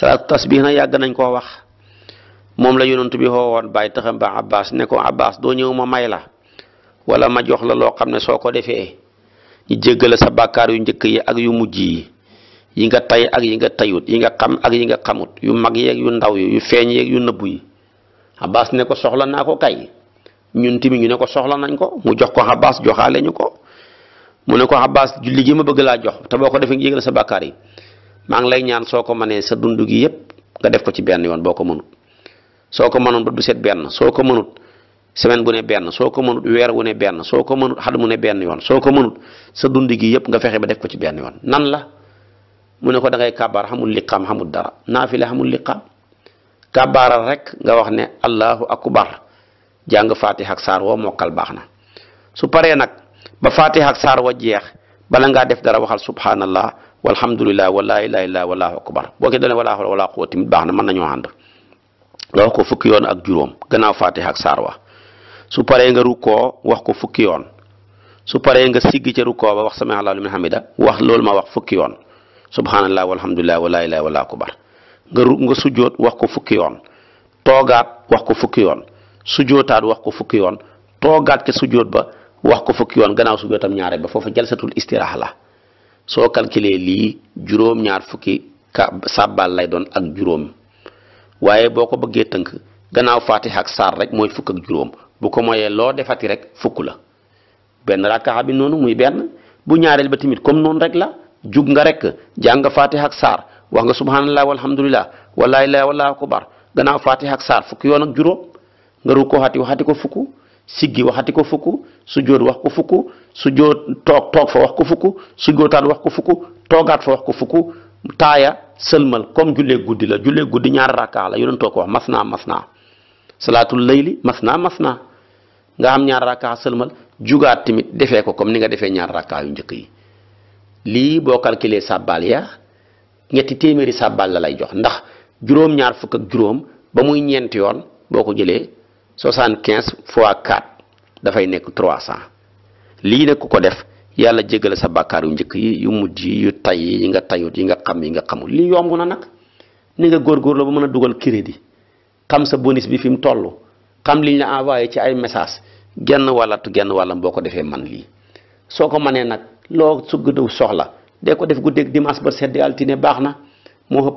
salaatu tasbih na yàgg nañ koo wax moom la yonent bi xoowoon bàyyi taxam ba abbas ne ko abbas doo ñëw ma may la wala ma jox la loo xam ne soo ko defee ñu jéggale sa bàkkaar yu njëkk yi ak yu mujj yi yi nga tay ak yi nga tayut yi nga xam ak yi nga xamut yu mag yeeg yu ndaw yi yu feeñ yeeg yu nëbbu yi abbas ne ko soxla naa ko kay ñun tamit ñu ne ko soxla nañ ko mu jox ko abbas joxaale ñu ko mu ne ko abbas julli gi ma bëgg laa jox te boo ko defee jégal sa bàkkaar yi maa ngi lay ñaan soo ko mënee sa dund gi yépp nga def ko ci benn yoon boo ko mënut soo ko mënoon ba du set benn soo ko mënut semaine bu ne benn soo ko mënut weer wu benn soo ko mënut xat mu ne benn yoon soo ko mënut sa dund gi yépp nga fexe ba def ko ci benn yoon nan la mu ne ko da ngay kàbbaar xamul liqaam xamul dara naafile xamul liqaam kàbbaaral rek nga wax ne allahu akbar jàng fatiha ak saar woo mokkal baax na su paree nag ba fatiha ak saar wa jeex bala ngaa def dara waxal subhanallah walhamdulilah wala ilaha illa wallahu akbar boo ko dane wala hawla wala quwwata tamit baax na mën nañoo ànd nga wax ko fukki yoon ak juróom gannaaw fatiha ak saar wa su paree nga rukkoo wax ko fukki yoon su paree nga siggi ca rukkoo ba wax sami allahu liman hamida wax loolu ma wax fukki yoon subhanallah walhamdulilah wala ilaha wala akbar nga ru nga sujjoot wax ko fukki yoon toogaat wax ko fukki yoon sujjootaat wax ko fukki yoon toogaat ca sujjoot ba wax ko fukki yoon gannaaw sujjootam ñaare ba foofu jalsatul istiraaha la soo calculer lii juróom-ñaar fukki ka lay doon ak juróom waaye boo ko bëggee tënk gannaaw faatiha ak saar rek mooy fukk ak juróom bu ko mooyee loo defati rek fukk la benn rakkaxa bi noonu muy benn bu ñaareel ba tamit comme noonu rek la jug nga rek jàng faatiha ak saar wax nga subhanallah walhamdulillah walaa ilaaha wallaahu akbar gannaaw faatiha ak saar fukki yoon ak juróom nga rukkoo xati waxati ko fukk siggi waxati ko fukk sujjóot wax ko fukk su joo toog toog fa wax ko fukk su jootaat wax ko fukk toogaat fa wax ko fukk taaya sëlmal comme jullee guddi la jullee guddi ñaari rakkaa la yonent toog ko wax mas naa mas naa salaatul layli mas naa mas naa nga xam ñaar rakkaa sëlmal jugaat tamit defee ko comme ni nga defee ñaar rakkaa yu njëkk yi lii boo calculé sàbbaal ya ñetti téeméeri sàbbaal la lay jox ndax juróom-ñaar fukk ak juróom ba muy ñeenti yoon boo ko jëlee soixante quinze fois quatre dafay nekk trois cent lii nag ku ko def yàlla jégal sa bàkkaar yu njëkk yi yu mujj yi yu tay yi nga tayut yi nga xam yi nga xamul lii yomb na nag ni nga góor góor la ba mën a dugal crédit xam sa bonus bi fi mu toll xam lii ñu la envoyé ci ay message genn wàllatu genn wàllam boo ko defee man lii soo ko mënee nag loo sugg soxla de ko def guddeeg dimanche ba sedd altine baax na moo